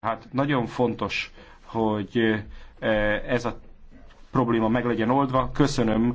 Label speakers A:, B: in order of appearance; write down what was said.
A: Hát nagyon fontos, hogy eh, ez a probléma meg legyen oldva. Köszönöm